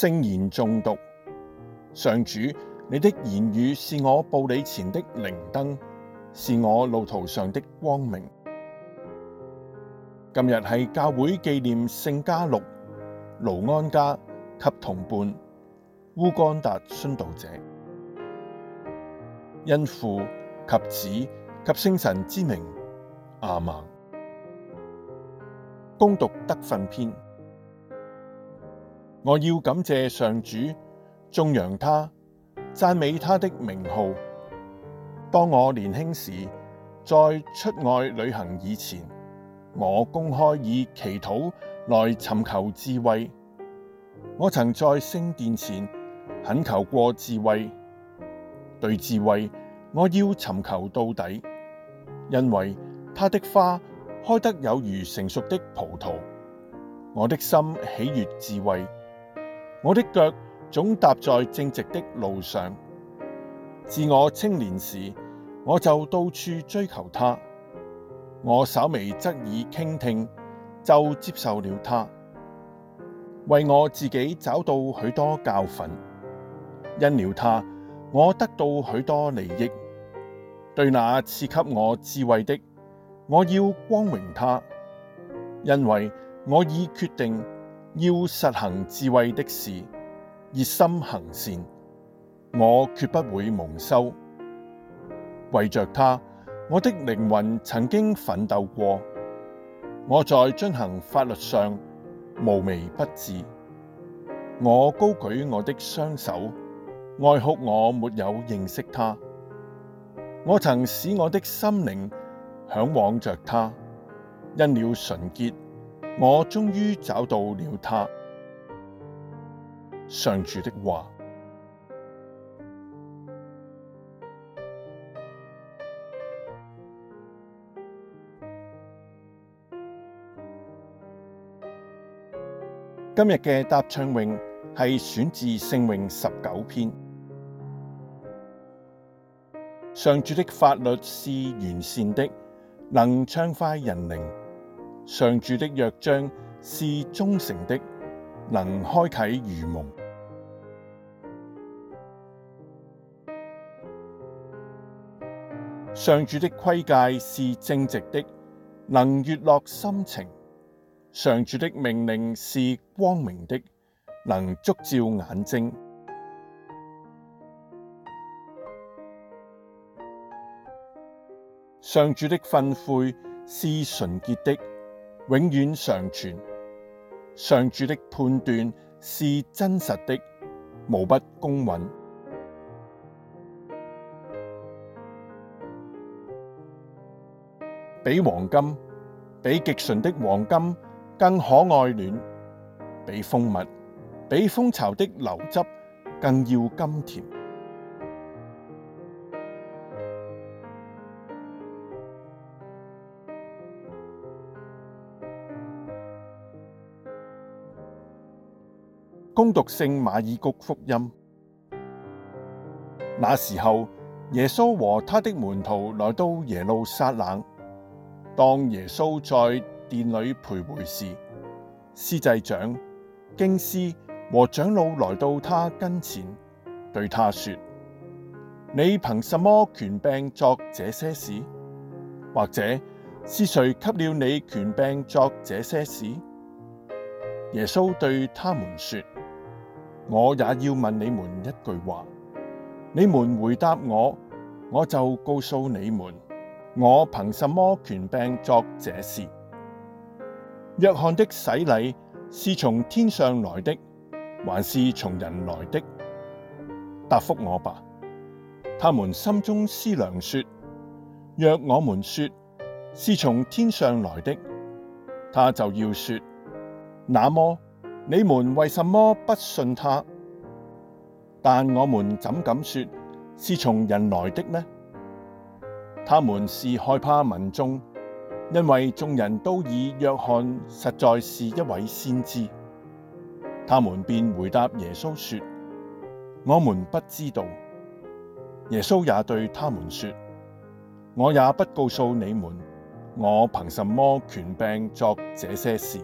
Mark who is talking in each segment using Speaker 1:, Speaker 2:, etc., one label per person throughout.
Speaker 1: 聖言誦讀，上主，你的言語是我步履前的靈燈，是我路途上的光明。今日係教會紀念聖嘉祿：盧安加及同伴烏干達殉道者，因父及子及聖神之名亞孟。恭讀德訓篇。我要感謝上主，頌揚他，讚美他的名號。當我年輕時，在出外旅行以前，我公開以祈禱來尋求智慧。我曾在聖殿前懇求過智慧，對智慧我要尋求到底，因為他的花開得有如成熟的葡萄。我的心喜悅智慧。我的腳總踏在正直的路上。自我青年時，我就到處追求她。我稍微側耳傾聽，就接受了她，為我自己找到許多教訓。因了她，我得到許多利益。對那賜給我智慧的，我要光榮他，因為我已決定。要實行智慧的事，熱心行善，我決不會蒙羞。為着他，我的靈魂曾經奮鬥過。我在進行法律上無微不至。我高舉我的雙手，哀哭我沒有認識他。我曾使我的心靈向往着他，因了純潔。我終於找到了她。上主的話，今日嘅答唱詠係選自聖詠十九篇。上主的法律是完善的，能暢快人靈。上主的約章是忠誠的，能開啟愚蒙；上主的規誡是正直的，能悅樂心情；上主的命令是光明的，能燭照眼睛；上主的訓誨是純潔的，永遠常存，上主的判斷是真實的，無不公允。比黃金，比極純的黃金更可愛戀；比蜂蜜，比蜂巢的流汁更要甘甜。恭讀聖馬爾谷福音。那時候，耶穌和他的門徒來到耶路撒冷。當耶穌在殿裏徘徊時，司祭長、經師和長老來到他跟前，對他說：你憑什麼權柄作這些事？或者是誰給了你權柄作這些事？耶穌對他們說：我也要問你們一句話，你們回答我，我就告訴你們，我憑什麼權柄作這事？若翰的洗禮是從天上來的，還是從人來的？答覆我吧。他們心中思量說：若我們說是從天上來的，他就要說，那麼。你們為什麼不信他？但我們怎敢說是從人來的呢？他們是害怕民眾，因為眾人都以若翰實在是一位先知。他們便回答耶穌說：我們不知道。耶穌也對他們說：我也不告訴你們，我憑什麼權柄作這些事。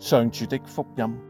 Speaker 1: 上主的福音。So